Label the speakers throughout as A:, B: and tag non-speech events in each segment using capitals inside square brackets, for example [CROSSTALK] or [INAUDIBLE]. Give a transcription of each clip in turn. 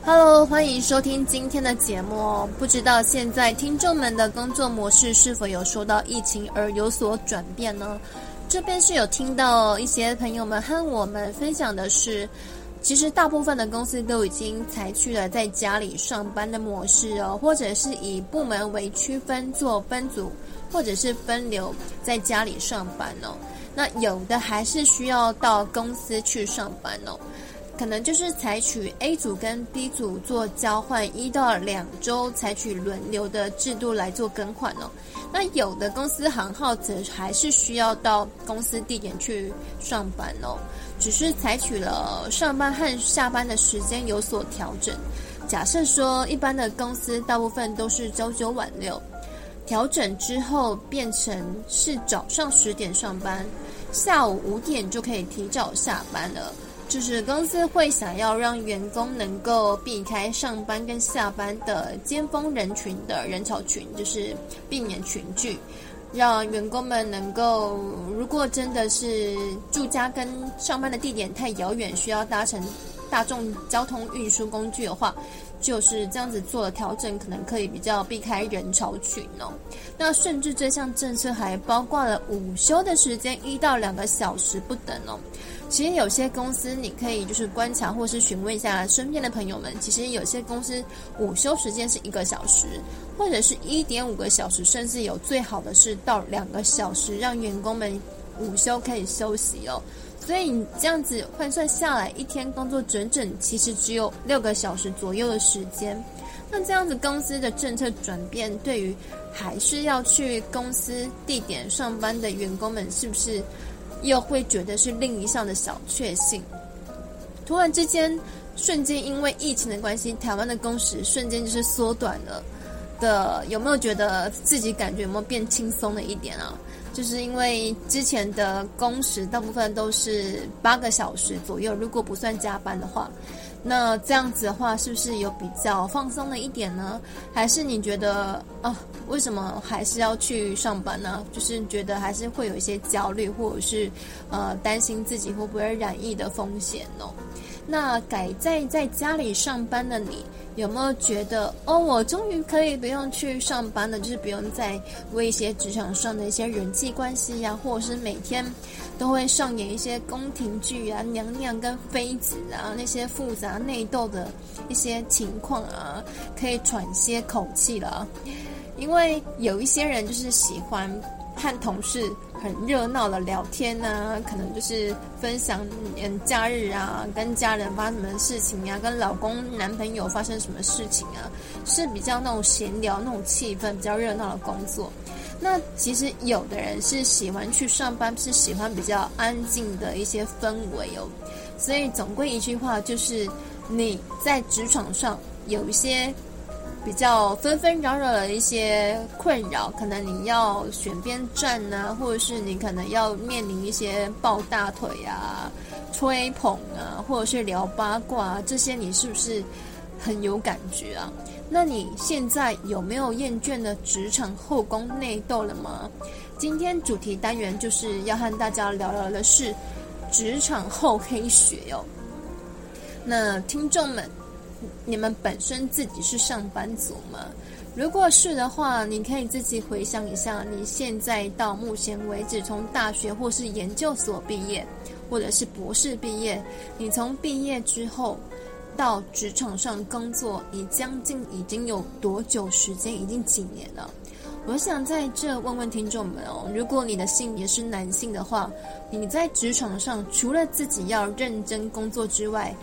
A: 哈嘍，Hello, 歡迎收聽今天的節目哦。不知道現在聽眾們的工作模式是否有受到疫情而有所轉變呢？這邊是有聽到一些朋友們和我們分享的是，其實大部分的公司都已經採取了在家裡上班的模式哦，或者是以部門為區分做分組，或者是分流在家裡上班哦。那有的還是需要到公司去上班哦。可能就是採取 A 組跟 B 組做交換，一到兩周採取輪流的制度來做更換哦。那有的公司行號則還是需要到公司地點去上班哦，只是採取了上班和下班的時間有所調整。假設說一般的公司大部分都是朝九晚六，調整之後變成是早上十點上班，下午五點就可以提早下班了。就是公司會想要讓員工能夠避開上班跟下班的尖峰人群的人潮群，就是避免群聚，讓員工們能夠，如果真的是住家跟上班的地點太遙遠，需要搭乘大眾交通運輸工具的話，就是這樣子做了調整，可能可以比較避開人潮群哦。那甚至這項政策還包括了午休的時間，一到兩個小時不等哦。其實有些公司你可以就是觀察或是詢問一下身邊的朋友們。其實有些公司午休時間是一個小時，或者是一點五個小時，甚至有最好的是到兩個小時，讓員工們午休可以休息哦。所以你這樣子換算下來，一天工作整整其實只有六個小時左右的時間。那這樣子公司的政策轉變，對於還是要去公司地點上班的員工們是不是？又會覺得是另一項的小確幸。突然之間，瞬間因為疫情的關係，台灣的工時瞬間就是縮短了的。的有沒有覺得自己感覺有沒有變輕鬆了一點啊？就是因為之前的工時大部分都是八個小時左右，如果不算加班的話。那這樣子的話，是不是有比較放鬆的一點呢？還是你覺得啊，為什麼還是要去上班呢？啊？就是覺得還是會有一些焦慮，或者是呃擔心自己會不會染疫的風險呢？哦。那改在在家裡上班的你，有沒有覺得哦，我終於可以不用去上班了，就是不用再為一些職場上的一些人際關係呀、啊，或者是每天。都會上演一些宮廷劇啊，娘娘跟妃子啊，那些複雜內鬥的一些情況啊，可以喘些口氣了。因為有一些人就是喜歡和同事很熱鬧的聊天啊，可能就是分享嗯假日啊，跟家人發生什麼事情啊，跟老公、男朋友發生什麼事情啊，是比較那種閒聊、那種氣氛比較熱鬧的工作。那其實有的人是喜歡去上班，是喜歡比較安靜的一些氛圍哦。所以總歸一句話就是，你在職場上有一些比較紛紛擾擾的一些困擾，可能你要選邊站啊，或者是你可能要面臨一些抱大腿啊、吹捧啊，或者是聊八卦啊，這些，你是不是很有感覺啊？那你現在有沒有厭倦的職場後宮內鬥了嗎？今天主題單元就是要和大家聊聊的是職場厚黑學喲、哦。那聽眾們，你們本身自己是上班族嗎？如果是的話，你可以自己回想一下，你現在到目前為止，從大學或是研究所畢業，或者是博士畢業，你從畢業之後。到職場上工作，你將近已經有多久時間？已經幾年了？我想在這問問聽眾們哦：如果你的性別是男性的話，你在職場上除了自己要認真工作之外，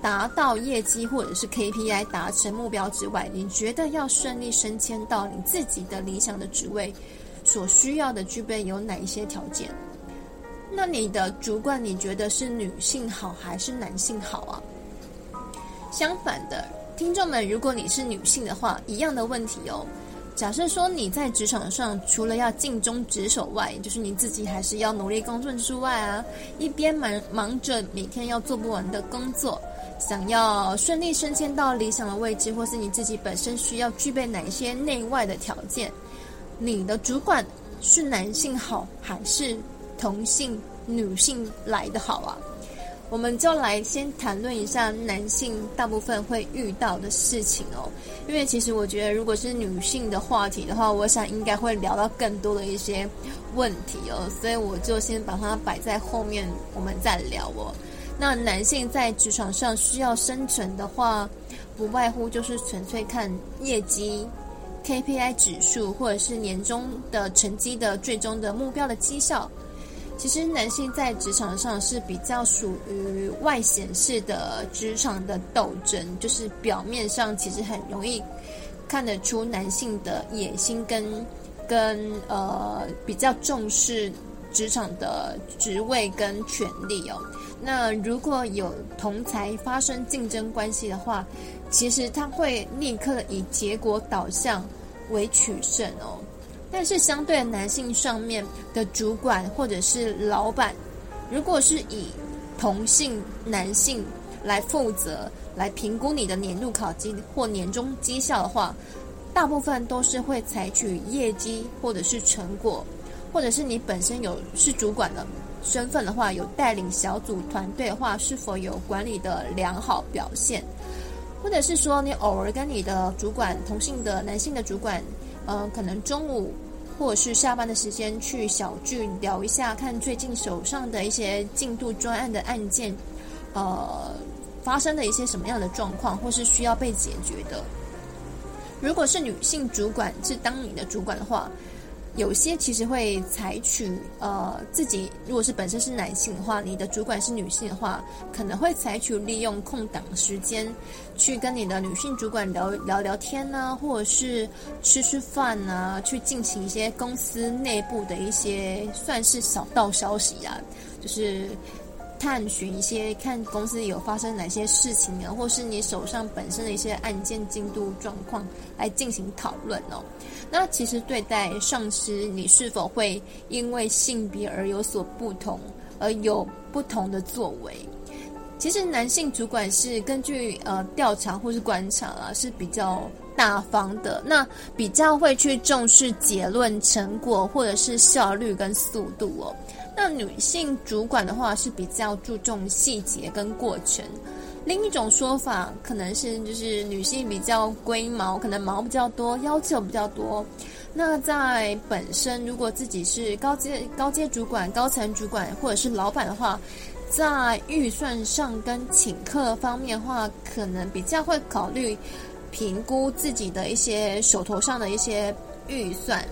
A: 達到業績或者是 KPI 達成目標之外，你覺得要順利升遷到你自己的理想的職位，所需要的具備有哪一些條件？那你的主管，你覺得是女性好還是男性好啊？相反的，聽眾們，如果你是女性的話，一樣的問題哦。假設說你在職場上，除了要盡忠職守外，就是你自己還是要努力工作之外啊，一邊忙忙着每天要做不完的工作，想要順利升遷到理想的位置，或是你自己本身需要具備哪一些內外的條件，你的主管是男性好，還是同性女性來的好啊？我們就來先談論一下男性大部分會遇到的事情哦，因為其實我覺得如果是女性的話題的話，我想應該會聊到更多的一些問題哦，所以我就先把它擺在後面，我們再聊哦。那男性在職場上需要生存的話，不外乎就是純粹看業績、KPI 指數或者是年終的成績的最終的目標的績效。其實男性在職場上是比較屬於外顯式的職場的鬥爭，就是表面上其實很容易看得出男性的野心跟跟呃比較重視職場的職位跟權力哦。那如果有同儕發生競爭關係的話，其實他會立刻以結果導向為取勝哦。但是，相對男性上面的主管或者是老闆，如果是以同性男性來負責、來評估你的年度考績或年終績效的話，大部分都是會採取業績或者是成果，或者是你本身有是主管的身份的話，有帶領小組團隊的話，是否有管理的良好表現，或者是說你偶爾跟你的主管同性的男性的主管。嗯、呃，可能中午或是下班的時間去小聚聊一下，看最近手上的一些進度專案的案件，呃，發生的一些什麼樣的狀況，或是需要被解決的。如果是女性主管，是當你的主管的話。有些其實會採取，呃，自己如果是本身是男性的話，你的主管是女性的話，可能會採取利用空檔的時間，去跟你的女性主管聊聊聊天吶，或者是吃吃飯吶，去進行一些公司內部的一些算是小道消息啊，就是探尋一些看公司有發生哪些事情啊，或是你手上本身的一些案件進度狀況來進行討論哦。那其實對待上司，你是否會因為性別而有所不同，而有不同的作為？其實男性主管是根據呃，調查或是觀察啊，是比較大方的，那比較會去重視結論成果或者是效率跟速度哦。那女性主管的話是比較注重細節跟過程。另一種說法可能是，就是女性比較龜毛，可能毛比較多，要求比較多。那在本身如果自己是高階、高階主管、高層主管或者是老闆的話，在預算上跟請客方面的話，可能比較會考慮評估自己的一些手頭上的一些預算。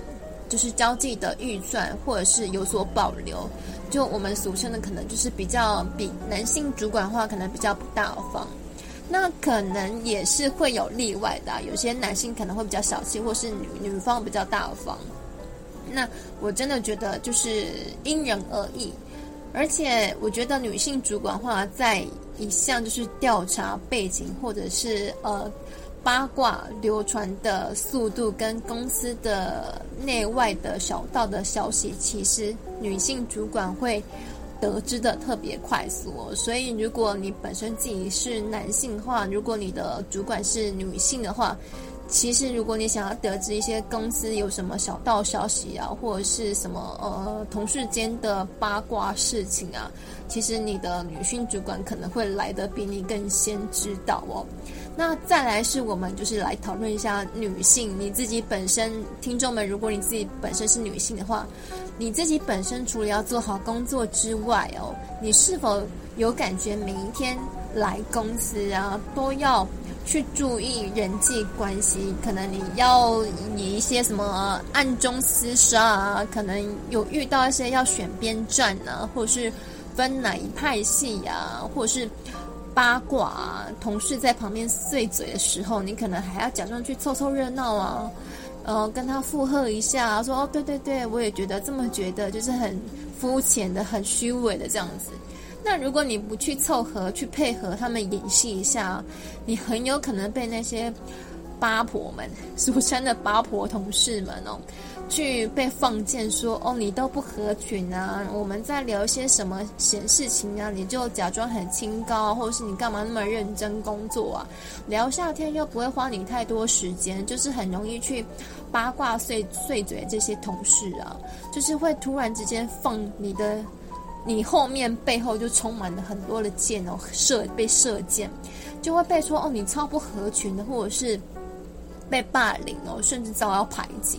A: 就是交際的預算，或者是有所保留，就我們俗稱的，可能就是比較比男性主管話，可能比較不大方。那可能也是會有例外的啊，有些男性可能會比較小氣，或是女女方比較大方。那我真的覺得就是因人而異，而且我覺得女性主管話，在一項就是調查背景，或者是呃。八卦流傳的速度跟公司的內外的小道的消息，其實女性主管會得知的特別快速哦。所以，如果你本身自己是男性的話，如果你的主管是女性的話，其實如果你想要得知一些公司有什麼小道消息啊，或者是什麼呃同事間的八卦事情啊，其實你的女性主管可能會來得比你更先知道哦。那再來是，我們就是來討論一下女性，你自己本身聽眾們，如果你自己本身是女性的話，你自己本身除了要做好工作之外哦，你是否有感覺每一天來公司啊都要去注意人際關係？可能你要你一些什麼暗中廝殺啊，可能有遇到一些要選邊站啊，或者是分哪一派系呀、啊，或者是。八卦啊，同事在旁邊碎嘴的時候，你可能還要假裝去湊湊熱鬧啊，呃、嗯，跟他附和一下，說哦，對對對，我也覺得這麼覺得，就是很膚淺的、很虛偽的這樣子。那如果你不去湊合、去配合他們演戲一下，你很有可能被那些八婆們，俗稱的八婆同事們哦。去被放箭說，說哦，你都不合群啊！我們在聊些什麼閒事情啊？你就假裝很清高，或者是你幹嘛那麼認真工作啊？聊夏天又不會花你太多時間，就是很容易去八卦碎碎嘴這些同事啊，就是會突然之間放你的，你後面背後就充滿了很多的箭哦，射被射箭，就會被說哦，你超不合群的，或者是被霸凌哦，甚至遭到排擠。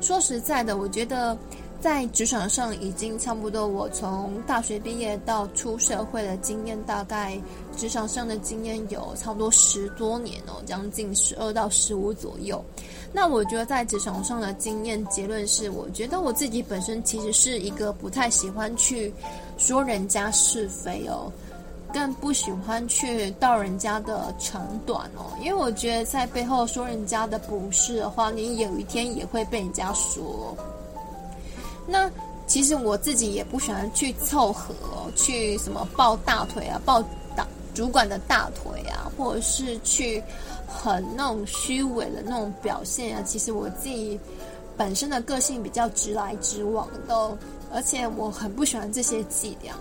A: 說實在的，我覺得，在職場上已經差不多。我從大學畢業到出社會的經驗，大概職場上的經驗有差不多十多年哦，將近十二到十五左右。那我覺得在職場上的經驗結論是，我覺得我自己本身其實是一個不太喜歡去說人家是非哦。更不喜歡去道人家的長短哦，因為我覺得在背後說人家的不是的話，你有一天也會被人家說。那其實我自己也不喜歡去湊合哦，去什麼抱大腿啊，抱大主管的大腿啊，或者是去很那種虛偽的那種表現啊。其實我自己本身的個性比較直來直往的哦，而且我很不喜歡這些伎倆。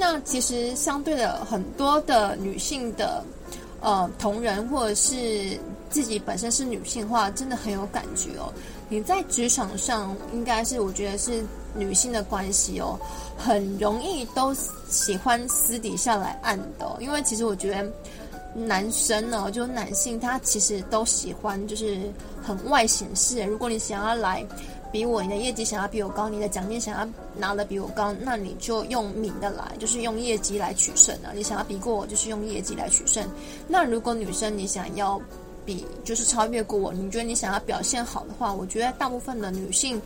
A: 那其實相對的，很多的女性的，呃，同仁或者是自己本身是女性的話，真的很有感覺哦。你在職場上，應該是我覺得是女性的關係哦，很容易都喜歡私底下來暗的，哦，因為其實我覺得男生呢，哦，就男性他其實都喜歡，就是很外顯示。如果你想要來。比我，你的業績想要比我高，你的獎金想要拿的比我高，那你就用明的來，就是用業績來取勝啊！你想要比過我，就是用業績來取勝。那如果女生你想要比，就是超越過我，你覺得你想要表現好的話，我覺得大部分的女性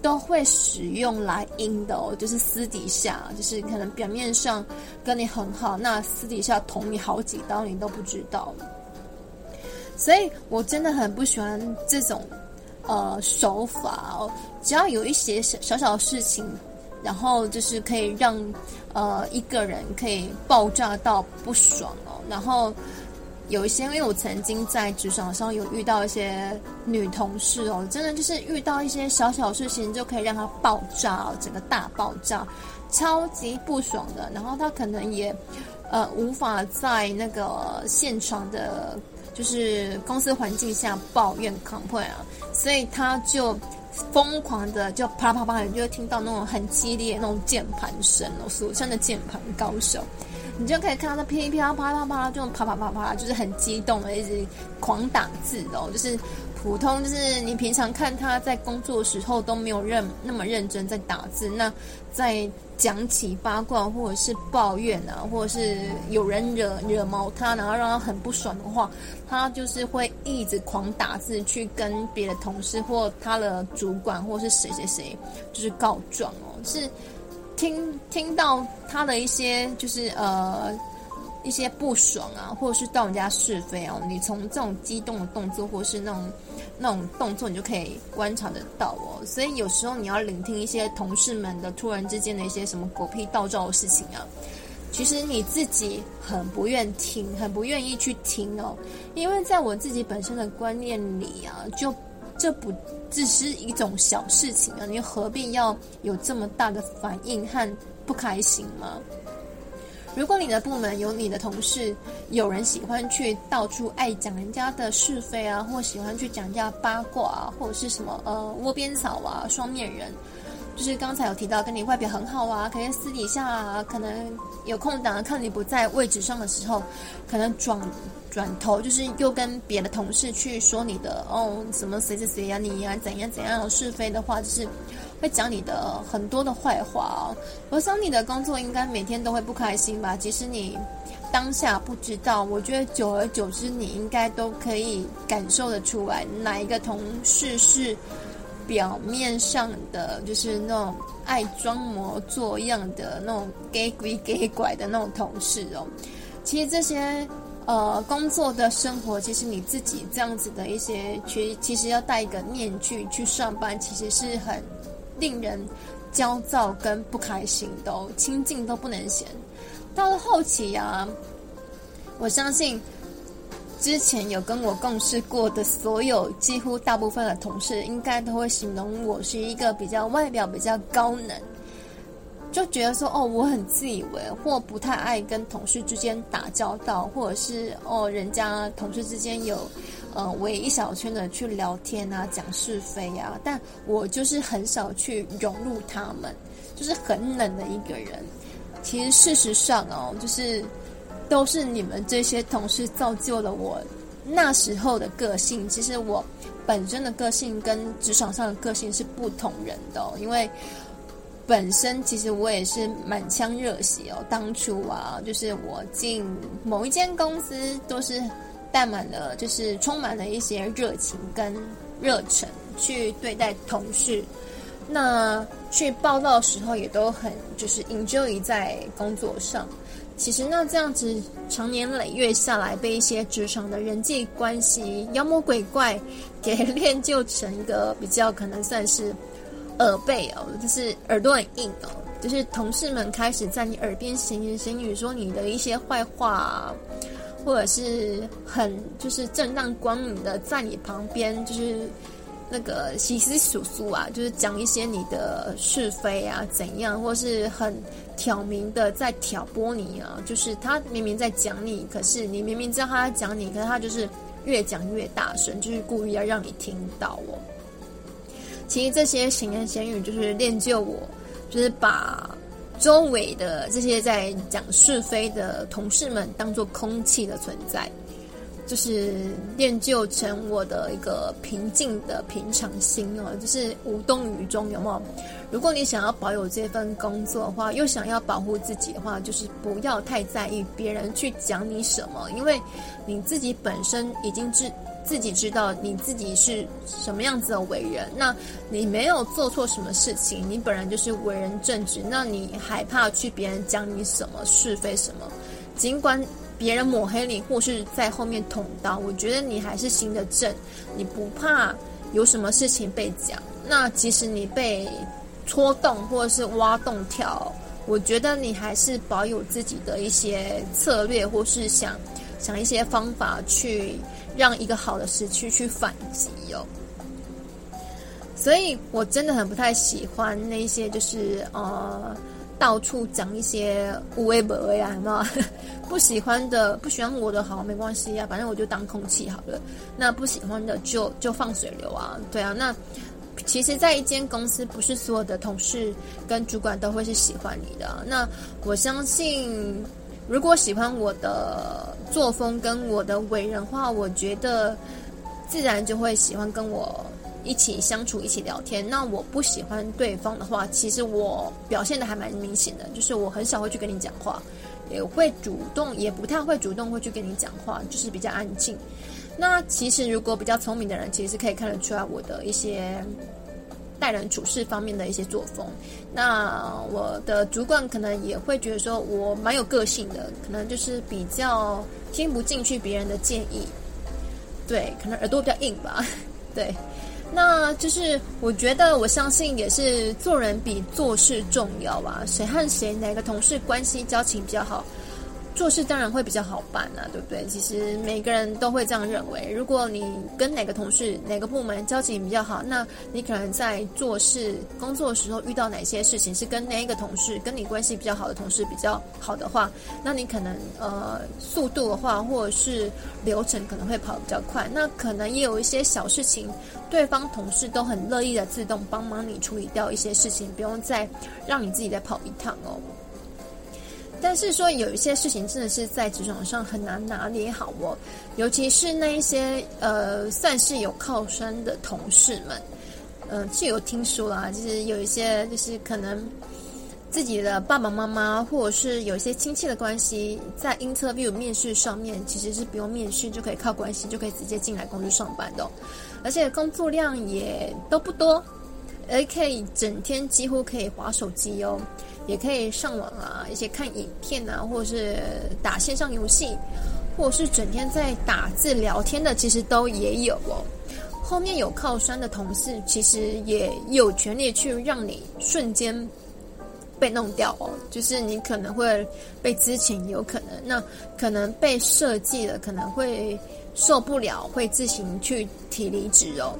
A: 都會使用來陰的，哦。就是私底下，就是可能表面上跟你很好，那私底下捅你好幾刀，你都不知道。所以我真的很不喜歡這種。呃，手法哦，只要有一些小小小事情，然後就是可以讓呃一個人可以爆炸到不爽哦。然後有一些，因為我曾經在職場上有遇到一些女同事哦，真的就是遇到一些小小事情就可以讓她爆炸哦，整個大爆炸，超級不爽的。然後她可能也呃無法在那個現場的，就是公司環境下抱怨 complain 啊。所以他就瘋狂的就啪啪啪，你就會聽到那種很激烈那種鍵盤聲哦，俗稱的鍵盤高手。你就可以看到他噼里啪啦啪啦啪啦，就啪啪啪啪，就是很激動的一直狂打字哦，就是普通就是你平常看他在工作的時候都沒有認那麼認真在打字，那在。講起八卦，或者是抱怨啊，或者是有人惹惹毛他，然後讓他很不爽的話，他就是會一直狂打字去跟別的同事或他的主管或是誰誰誰，就是告狀哦。是聽聽到他的一些就是呃一些不爽啊，或者是道人家是非哦、啊，你從這種激動的動作或是那種。那種動作你就可以觀察得到哦，所以有時候你要聆聽一些同事們的突然之間的一些什麼狗屁倒灶的事情啊，其實你自己很不願聽，很不願意去聽哦，因為在我自己本身的觀念裡啊，就這不只是一種小事情啊，你何必要有這麼大的反應和不開心嗎？如果你的部門有你的同事，有人喜歡去到處愛講人家的是非啊，或喜歡去講人家八卦啊，或者是什麼呃窩邊草啊、雙面人，就是剛才有提到跟你外表很好啊，可是私底下啊，可能有空檔，看你不在位置上的時候，可能轉轉頭就是又跟別的同事去說你的哦什麼誰誰誰呀，你呀怎樣怎樣，啊、是非的話，就是。會講你的很多的壞話哦。我想你的工作應該每天都會不開心吧？即使你當下不知道，我覺得久而久之，你應該都可以感受得出來，哪一個同事是表面上的，就是那種愛裝模作樣的那種假鬼假怪的那種同事哦。其實這些呃工作的生活，其實你自己這樣子的一些，其，其實要戴一個面具去上班，其實是很。令人焦躁跟不開心都，都清靜都不能閒。到了後期啊，我相信之前有跟我共事過的所有幾乎大部分的同事，應該都會形容我是一個比較外表比較高冷，就覺得說哦，我很自以為，或不太愛跟同事之間打交道，或者是哦，人家同事之間有。呃，圍、嗯、一小圈的去聊天啊，講是非啊，但我就是很少去融入他們，就是很冷的一個人。其實事實上哦，就是都是你們這些同事造就了我那時候的個性。其實我本身的個性跟職場上的個性是不同人的哦，因為本身其實我也是滿腔熱血哦。當初啊，就是我進某一間公司都是。帶滿了，就是充滿了一些熱情跟熱忱去對待同事，那去報道的時候也都很就是 enjoy 在工作上。其實那這樣子，常年累月下來，被一些職場的人際關係妖魔鬼怪給練就成一個比較可能算是耳背哦，就是耳朵很硬哦，就是同事們開始在你耳邊閒言閒語說你的一些壞話啊。或者是很就是正大光明的在你旁邊，就是那個窸窸窣窣啊，就是講一些你的是非啊怎樣，或是很挑明的在挑撥你啊，就是他明明在講你，可是你明明知道他在講你，可是他就是越講越大聲，就是故意要讓你聽到哦。其實這些閒言閒語就是練就我，就是把。周圍的這些在講是非的同事們當做空氣的存在，就是練就成我的一個平靜的平常心哦，就是無動於衷，有沒有？如果你想要保有這份工作的話，又想要保護自己的話，就是不要太在意別人去講你什麼，因為你自己本身已經是。自己知道你自己是什麼樣子的為人，那你沒有做錯什麼事情，你本來就是為人正直，那你還怕去別人講你什麼是非什麼？儘管別人抹黑你，或是在後面捅刀，我覺得你還是行得正，你不怕有什麼事情被講。那即使你被戳動或者是挖洞跳，我覺得你還是保有自己的一些策略，或是想。想一些方法去讓一個好的時期去反擊哦，所以我真的很不太喜歡那些就是，呃，到處講一些烏微博呀，好不好？ [LAUGHS] 不喜歡的，不喜歡我的好沒關係啊，反正我就當空氣好了。那不喜歡的就就放水流啊，對啊。那其實，在一間公司，不是所有的同事跟主管都會是喜歡你的啊。那我相信。如果喜歡我的作風跟我的為人的話，我覺得自然就會喜歡跟我一起相處、一起聊天。那我不喜歡對方的話，其實我表現得還蠻明顯的，就是我很少會去跟你講話，也會主動，也不太會主動會去跟你講話，就是比較安靜。那其實如果比較聰明的人，其實是可以看得出來我的一些。待人處事方面的一些作風，那我的主管可能也會覺得說我蠻有個性的，可能就是比較聽不進去別人的建議，對，可能耳朵比較硬吧，對。那就是我覺得，我相信也是做人比做事重要吧，啊。誰和誰哪個同事關係交情比較好？做事當然會比較好辦吶、啊，對不對？其實每個人都會這樣認為。如果你跟哪個同事、哪個部門交情比較好，那你可能在做事、工作的時候遇到哪些事情，是跟哪一個同事跟你關係比較好的同事比較好的話，那你可能呃速度的話，或者是流程可能會跑比較快。那可能也有一些小事情，對方同事都很樂意的自動幫忙你處理掉一些事情，不用再讓你自己再跑一趟哦。但是說有一些事情真的是在職場上很難拿捏好哦，尤其是那一些呃算是有靠山的同事們，嗯、呃，是有聽說啦，就是有一些就是可能自己的爸爸媽媽或者是有一些親戚的關係，在 interview 面試上面其實是不用面試就可以靠關係就可以直接進來公司上班的，哦，而且工作量也都不多，還可以整天幾乎可以滑手機哦。也可以上網啊，一些看影片啊，或者是打線上遊戲，或者是整天在打字聊天的，其實都也有哦。後面有靠山的同事，其實也有權利去讓你瞬間被弄掉哦。就是你可能會被知情，有可能那可能被設計的，可能會受不了，會自行去提離職哦。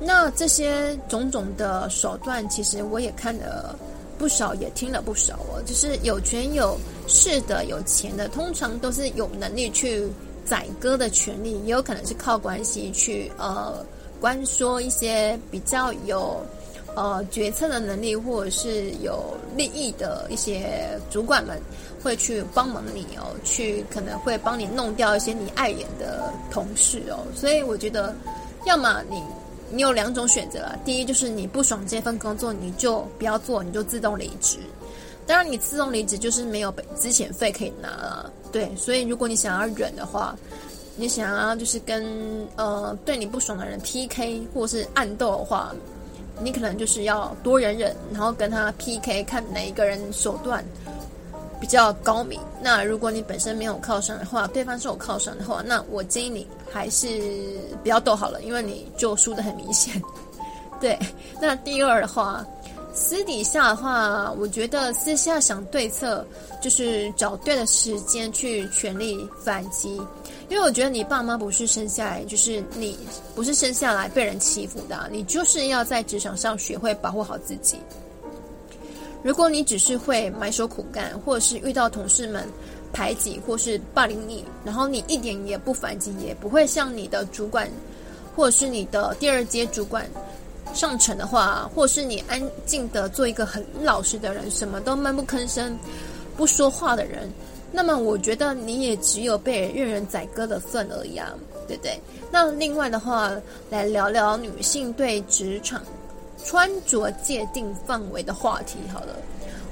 A: 那這些種種的手段，其實我也看了。不少也聽了不少哦，就是有權有勢的、有錢的，通常都是有能力去宰割的權利，也有可能是靠關係去呃關說一些比較有呃決策的能力或者是有利益的一些主管們會去幫忙你哦，去可能會幫你弄掉一些你礙眼的同事哦，所以我覺得，要麼你。你有兩種選擇，第一就是你不爽這份工作，你就不要做，你就自動離職。當然，你自動離職就是沒有被資遣費可以拿了，對。所以，如果你想要忍的話，你想要就是跟呃對你不爽的人 PK 或是暗鬥的話，你可能就是要多忍忍，然後跟他 PK，看哪一個人手段。比較高明。那如果你本身沒有靠山的話，對方是有靠山的話，那我建議你還是不要鬥好了，因為你就輸得很明顯。對，那第二的話，私底下的話，我覺得私下想對策，就是找對的時間去全力反擊。因為我覺得你爸媽不是生下來就是你，不是生下來被人欺負的啊，你就是要在職場上學會保護好自己。如果你只是會埋首苦幹，或者是遇到同事們排擠或是霸凌你，然後你一點也不反擊，也不會向你的主管，或者是你的第二階主管、上層的話，或是你安靜的做一個很老實的人，什麼都悶不吭聲、不說話的人，那麼我覺得你也只有被任人宰割的份而已啊，對不對？那另外的話，來聊聊女性對職場。穿着界定範圍的話題，好了，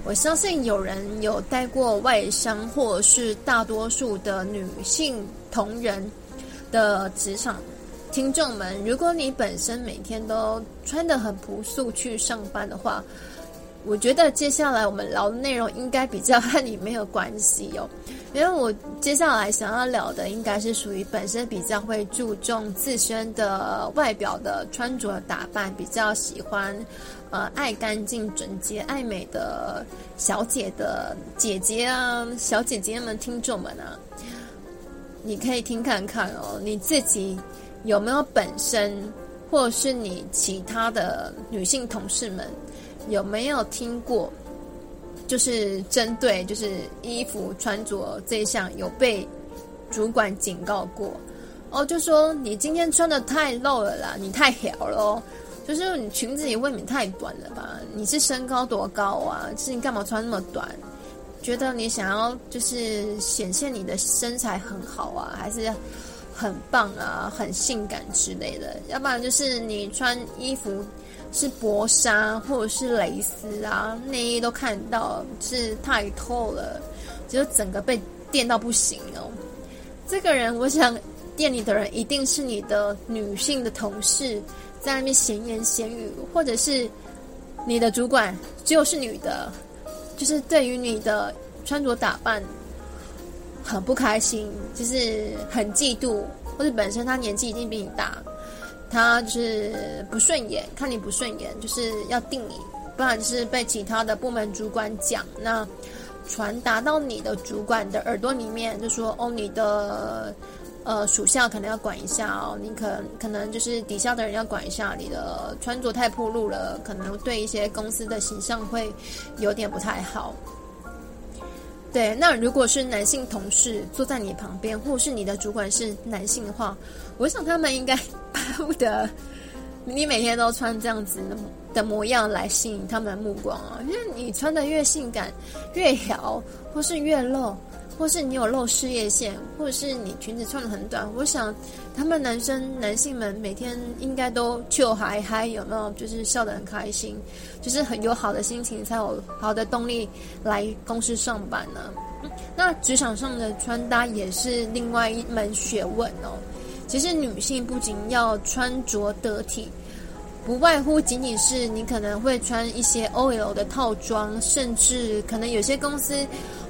A: 我相信有人有帶過外商，或是大多數的女性同仁的職場聽眾們，如果你本身每天都穿得很樸素去上班的話，我覺得接下來我們聊的內容應該比較和你沒有關係喲、哦。因為我接下來想要聊的，應該是屬於本身比較會注重自身的外表的穿着打扮，比較喜歡，呃，愛乾淨、整潔、愛美的小姐的姐姐啊，小姐姐們、聽眾們啊，你可以聽看看哦，你自己有沒有本身，或是你其他的女性同事們，有沒有聽過？就是針對就是衣服穿着這一項有被主管警告過，哦，就說你今天穿得太露了啦，你太屌了，就是你裙子也未免太短了吧？你是身高多高啊？是你幹嘛穿那麼短？覺得你想要就是顯現你的身材很好啊，還是很棒啊，很性感之類的？要不然就是你穿衣服。是薄紗或者是蕾絲啊，內衣都看到，是太透了，就整個被電到不行哦。這個人，我想電你的人一定是你的女性的同事，在那邊閒言閒語，或者是你的主管，只有是女的，就是對於你的穿着打扮很不開心，就是很嫉妒，或者本身她年紀已經比你大。他就是不順眼，看你不順眼，就是要定你，不然就是被其他的部門主管講，那傳達到你的主管的耳朵裡面，就說哦，你的呃屬下可能要管一下哦，你可能可能就是底下的人要管一下，你的穿着太暴露了，可能對一些公司的形象會有點不太好。對，那如果是男性同事坐在你旁邊，或是你的主管是男性的話。我想他們應該巴不得你每天都穿這樣子的模樣來吸引他們的目光啊。因為你穿的越性感，越妖，或是越露，或是你有露事業線，或者是你裙子穿的很短，我想他們男生，男性們每天應該都笑嗨嗨，有沒有，就是笑得很開心，就是很有好的心情才有好的動力來公司上班呢、啊。那職場上的穿搭也是另外一門學問哦。其實女性不僅要穿着得體，不外乎僅僅是你可能會穿一些 OL 的套裝，甚至可能有些公司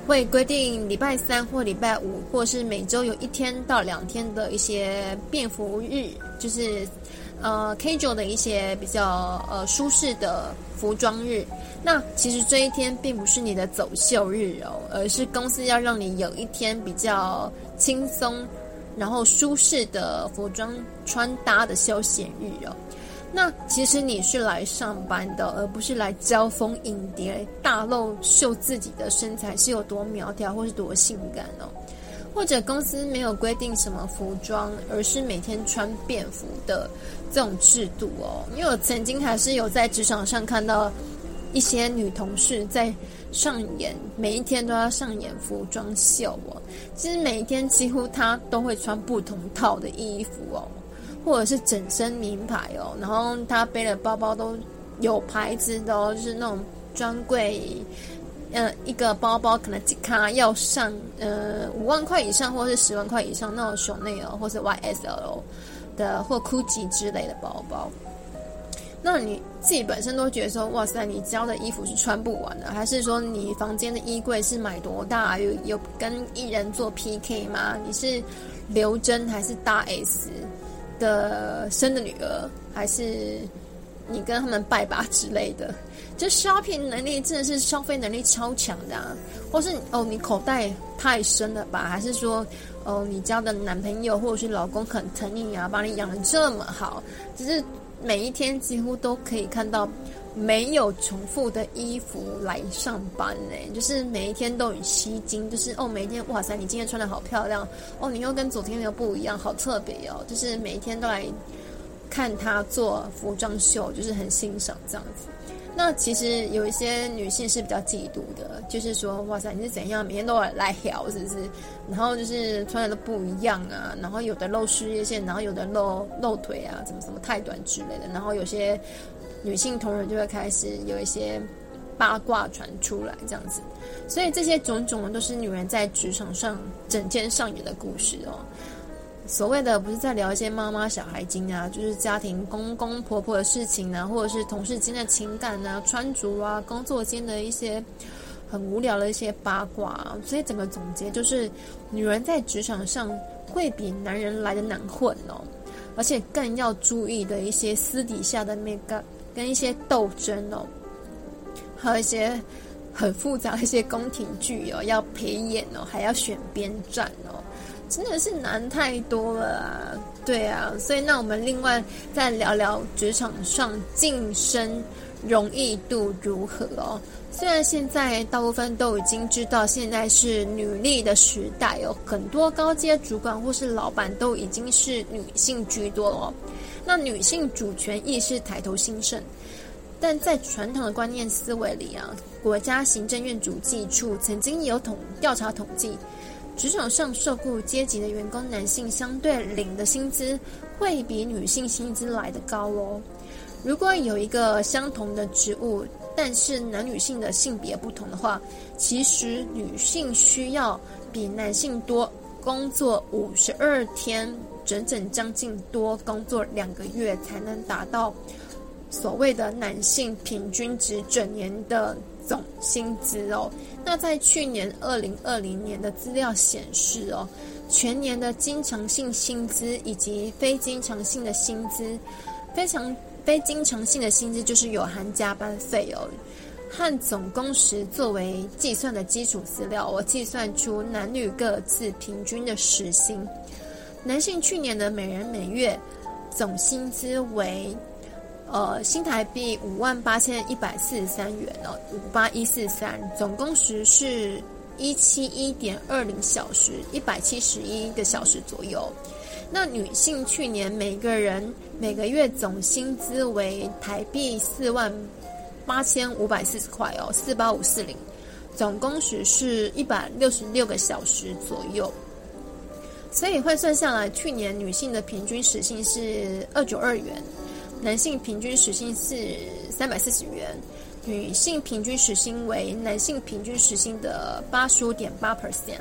A: 會規定禮拜三或禮拜五，或是每周有一天到兩天的一些便服日，就是呃 casual 的一些比較呃舒適的服裝日。那其實這一天並不是你的走秀日哦，而是公司要讓你有一天比較輕鬆。然後舒適的服裝穿搭的休閒日哦，那其實你是來上班的，而不是來招蜂引蝶大露秀自己的身材是有多苗條或是多性感哦，或者公司沒有規定什麼服裝，而是每天穿便服的這種制度哦，因為我曾經還是有在職場上看到一些女同事在。上演每一天都要上演服裝秀哦，其實每一天幾乎他都會穿不同套的衣服哦，或者是整身名牌哦，然後他背的包包都有牌子的，哦，就是那種專櫃，呃，一個包包可能幾卡要上呃五萬塊以上，或者是十萬塊以上那種 Chanel 哦，或是 YSL 的或 GUCCI 之類的包包。那你自己本身都覺得說，哇塞，你交的衣服是穿不完的，還是說你房間的衣櫃是買多大？有有跟藝人做 PK 嗎？你是劉真還是大 S 的生的女兒，還是你跟他們拜把之類的？就 shopping 能力真的是消費能力超強的啊。或是哦你口袋也太深了吧？還是說哦你交的男朋友或者是老公很疼你啊，把你養得這麼好，就是。每一天幾乎都可以看到沒有重複的衣服來上班耶，就是每一天都很吸睛，就是哦，每一天哇塞，你今天穿得好漂亮哦，你又跟昨天又不一樣，好特別哦，就是每一天都來看他做服裝秀，就是很欣賞這樣子。那其實有一些女性是比較嫉妒的，就是說，哇塞，你是怎樣，每天都要來撩，是不是？然後就是穿的都不一樣啊，然後有的露事業線，然後有的露露腿啊，什麼什麼太短之類的。然後有些女性同仁就會開始有一些八卦傳出來，這樣子。所以這些種種都是女人在職場上整天上演的故事哦。所謂的不是在聊一些媽媽、小孩經啊，就是家庭公公婆婆的事情啊，或者是同事間的情感啊、穿著啊、工作間的一些很無聊的一些八卦啊。所以整個總結就是，女人在職場上會比男人來得難混哦，而且更要注意的一些私底下的那個跟一些鬥爭哦，和一些很複雜的一些宮廷劇哦，要陪演哦，還要選邊站哦。真的是難太多了，啊，對啊，所以那我們另外再聊聊職場上晉升容易度如何哦。雖然現在大部分都已經知道，現在是女力的時代哦，很多高階主管或是老闆都已經是女性居多了哦。那女性主權意識抬頭興盛，但在傳統的觀念思維裡啊，國家行政院主計處曾經有統調查統計。職場上受雇階級的員工，男性相對領的薪資會比女性薪資來得高哦。如果有一個相同的職務，但是男女性的性別不同的話，其實女性需要比男性多工作五十二天，整整將近多工作兩個月，才能達到所謂的男性平均值整年的總薪資哦，那在去年二零二零年的資料顯示哦，全年的經常性薪資以及非經常性的薪資，非常非經常性的薪資就是有含加班費哦和總工時作為計算的基礎資料，我計算出男女各自平均的時薪，男性去年的每人每月總薪資為。呃，新台幣五萬八千一百四十三元哦，五八一四三，總工時是一七一點二零小時，一百七十一個小時左右。那女性去年每個人每個月總薪資為台幣四萬八千五百四十塊哦，四八五四零，總工時是一百六十六個小時左右。所以換算下來，去年女性的平均時薪是二九二元。男性平均時薪是三百四十元，女性平均時薪為男性平均時薪的八十五點八 percent，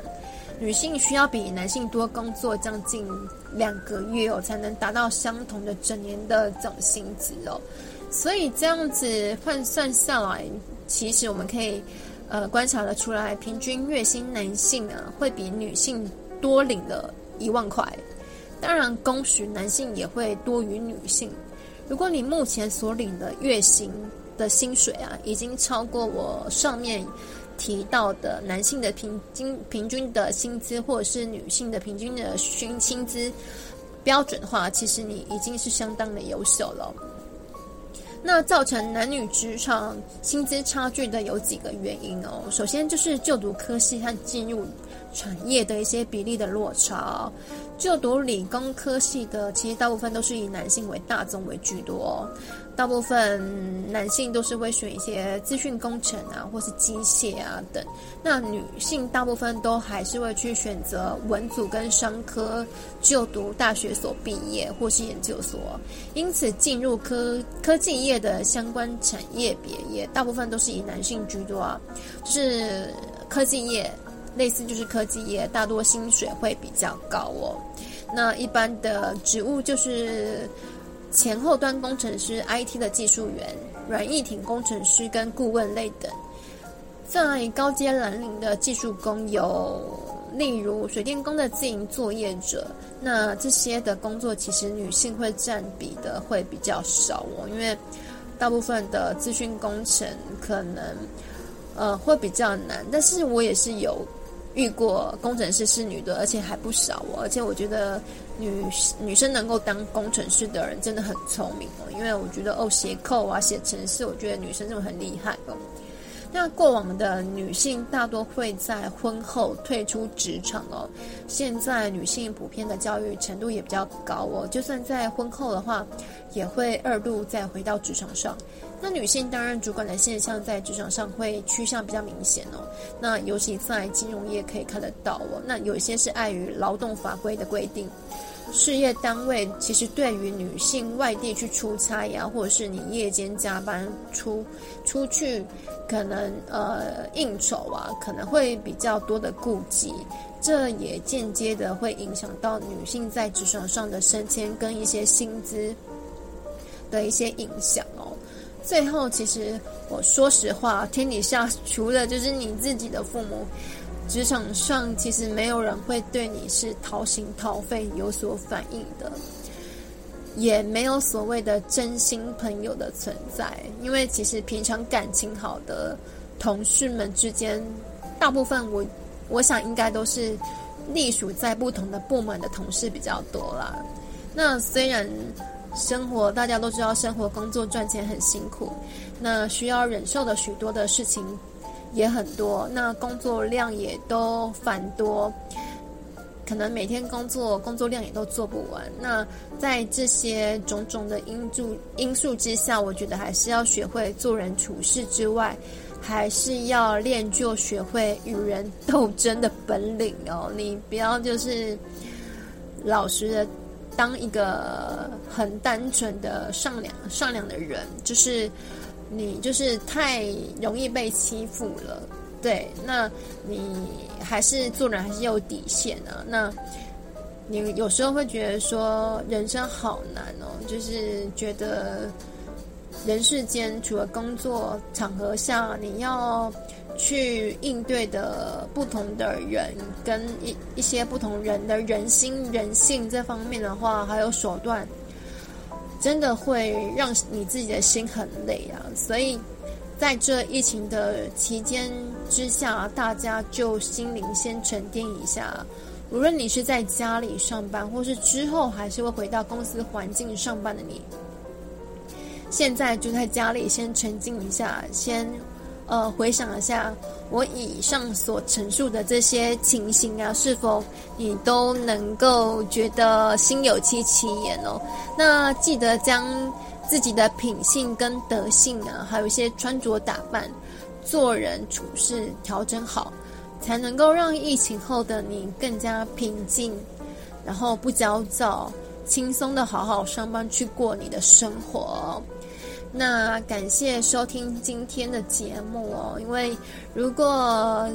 A: 女性需要比男性多工作將近兩個月哦，才能達到相同的整年的總薪資哦。所以這樣子換算下來，其實我們可以呃觀察得出來，平均月薪男性呢、啊、會比女性多領了一萬塊，當然工時男性也會多於女性。如果你目前所領的月薪的薪水啊，已經超過我上面提到的男性的平均平均的薪資，或者是女性的平均的薪薪資標準的話，其實你已經是相當的優秀了。那造成男女職場薪資差距的有幾個原因哦，首先就是就讀科系和進入。產業的一些比例的落差，就讀理工科系的，其實大部分都是以男性為大宗為居多，大部分男性都是會選一些資訊工程啊，或是機械啊等。那女性大部分都還是會去選擇文組跟商科就讀大學所畢業或是研究所，因此進入科科技業的相關產業別也，也大部分都是以男性居多啊，就是科技業。類似就是科技業，大多薪水會比較高哦。那一般的職務就是前後端工程師、IT 的技術員、軟硬體工程師跟顧問類等。在高階藍領的技術工有，例如水電工的自營作業者，那這些的工作其實女性會占比的會比較少哦，因為大部分的資訊工程可能呃會比較難，但是我也是有。遇過工程師是女的，而且還不少，哦。而且我覺得女女生能夠當工程師的人真的很聰明哦。因為我覺得哦，寫 code 啊，寫程式，我覺得女生這麼很厲害哦。那過往的女性大多會在婚後退出職場哦。現在女性普遍的教育程度也比較高哦。就算在婚後的話，也會二度再回到職場上。那女性擔任主管的現象在職場上會趨向比較明顯哦。那尤其在金融業可以看得到哦。那有些是礙於勞動法規的規定，事業單位其實對於女性外地去出差呀，或者是你夜間加班出出去，可能呃應酬啊，可能會比較多的顧忌。這也間接的會影響到女性在職場上的升遷跟一些薪資的一些影響哦。最後，其實我說實話，天底下除了就是你自己的父母，職場上其實沒有人會對你是掏心掏肺有所反應的，也沒有所謂的真心朋友的存在。因為其實平常感情好的同事們之間，大部分我我想應該都是隸屬在不同的部門的同事比較多啦。那雖然。生活，大家都知道，生活、工作、賺錢很辛苦，那需要忍受的許多的事情也很多，那工作量也都繁多，可能每天工作工作量也都做不完。那在這些種種的因素因素之下，我覺得還是要學會做人處事之外，還是要練就學會與人鬥爭的本領哦。你不要就是老實的。當一個很單純的善良、善良的人，就是你，就是太容易被欺負了。對，那你還是做人還是有底線的啊。那你有時候會覺得說人生好難哦，就是覺得人世間除了工作場合下，你要。去應對的不同的人跟一一些不同人的人心人性這方面的話，還有手段，真的會讓你自己的心很累啊！所以，在這疫情的期間之下，大家就心靈先沉澱一下。無論你是在家裡上班，或是之後還是會回到公司環境上班的你，現在就在家裡先沉靜一下，先。呃，回想一下我以上所陳述的這些情形啊，是否你都能夠覺得心有戚戚焉哦？那記得將自己的品性跟德性啊，還有一些穿着打扮、做人處事調整好，才能夠讓疫情後的你更加平靜，然後不焦躁，輕鬆的好好上班去過你的生活，哦。那感謝收聽今天的節目哦，因為如果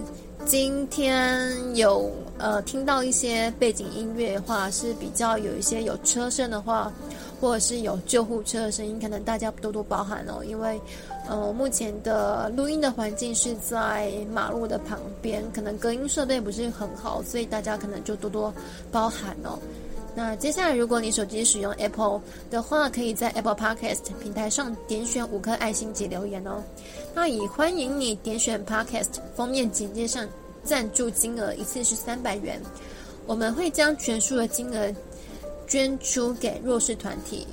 A: 今天有呃聽到一些背景音樂的話，是比較有一些有車聲的話，或者是有救護車的聲音，可能大家多多包涵哦。因為，呃目前的錄音的環境是在馬路的旁邊，可能隔音設備不是很好，所以大家可能就多多包涵哦。那接下來，如果你手機使用 Apple 的話，可以在 Apple Podcast 平台上點選五顆愛心及留言哦。那也歡迎你點選 Podcast 封面簡介上贊助金額，一次是三百元，我們會將全數的金額捐出給弱勢團體，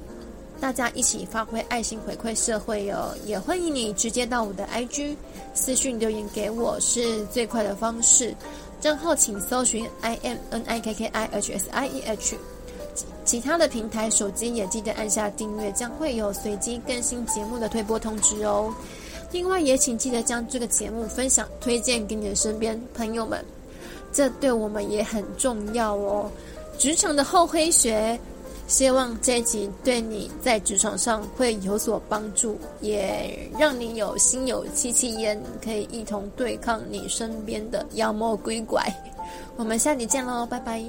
A: 大家一起發揮愛心回饋社會喲、哦。也歡迎你直接到我的 IG 私訊留言給我，是最快的方式。賬號請搜尋 I M N I K K I H S I E H。其他的平台手機也記得按下訂閱，將會有隨機更新節目的推播通知哦。另外也請記得將這個節目分享推薦給你的身邊朋友們，這對我們也很重要哦。職場的厚黑學，希望這一集對你在職場上會有所幫助，也讓你有心有戚戚焉，可以一同對抗你身邊的妖魔鬼怪。我們下集見嘍，拜拜。